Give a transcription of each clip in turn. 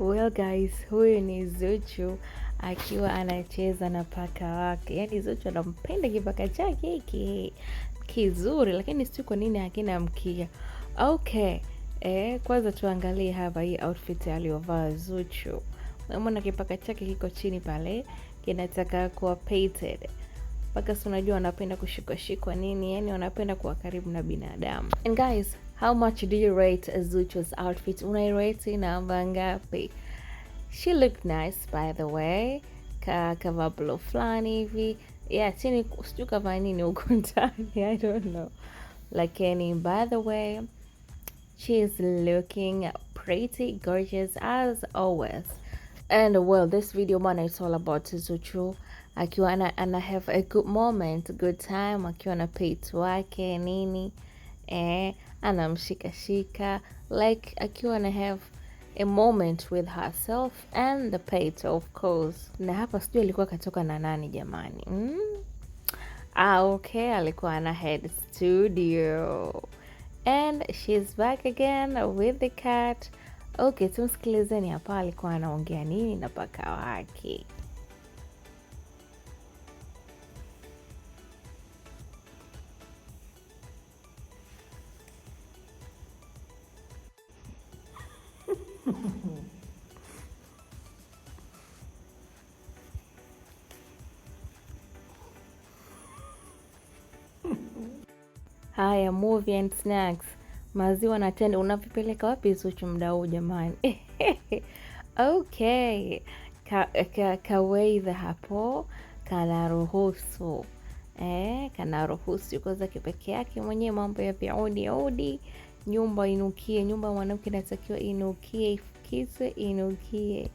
Well guys, huyu ni Zuchu akiwa anacheza na paka wake. Yaani Zuchu anampenda kipaka chake hiki kizuri, lakini sijui kwa nini hakina mkia. Okay. Eh, kwanza tuangalie hapa hii outfit aliyovaa Zuchu. Unaona kipaka chake kiko chini pale kinataka kuwa painted mpaka si unajua wanapenda kushikwashikwa nini, yani wanapenda kuwa karibu na binadamu. And guys, how much do you rate Zucho's outfit? Unairate namba ngapi? She looked nice by the way, ka kava blo fulani hivi yeah, chini sijui kavaa nini huko ndani, I don't know, lakini by the way she is looking pretty gorgeous as always. And well, this video man it's all about Zuchu akiwa ana, ana have a good moment, good time akiwa na pet wake nini eh, anamshikashika like akiwa ana have a moment with herself and the pet of course. Na hapa sijui alikuwa katoka na nani jamani mm? Ah, okay, alikuwa ana head studio and she's back again with the cat ok tumsikilizeni hapa alikuwa anaongea nini na paka wake. Haya, movie and snacks maziwa na tende unavipeleka wapi Zuchu mda huu jamani? Okay, kawaidha ka, ka hapo kanaruhusu eh, kanaruhusu, yuko zake yake mwenyewe, mambo ya viudi udi, nyumba inukie. Nyumba ya mwanamke inatakiwa inukie, ifukizwe, inukie.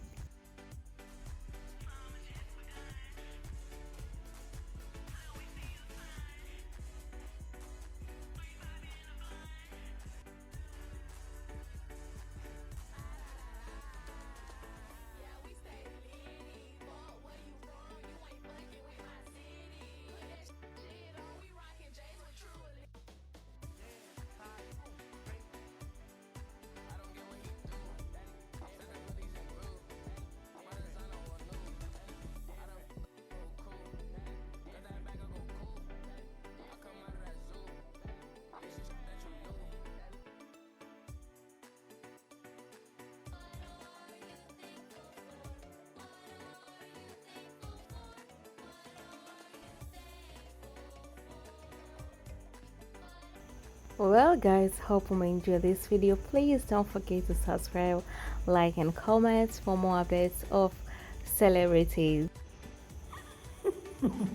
well guys hope you enjoy this video please don't forget to subscribe like and comment for more updates of celebrities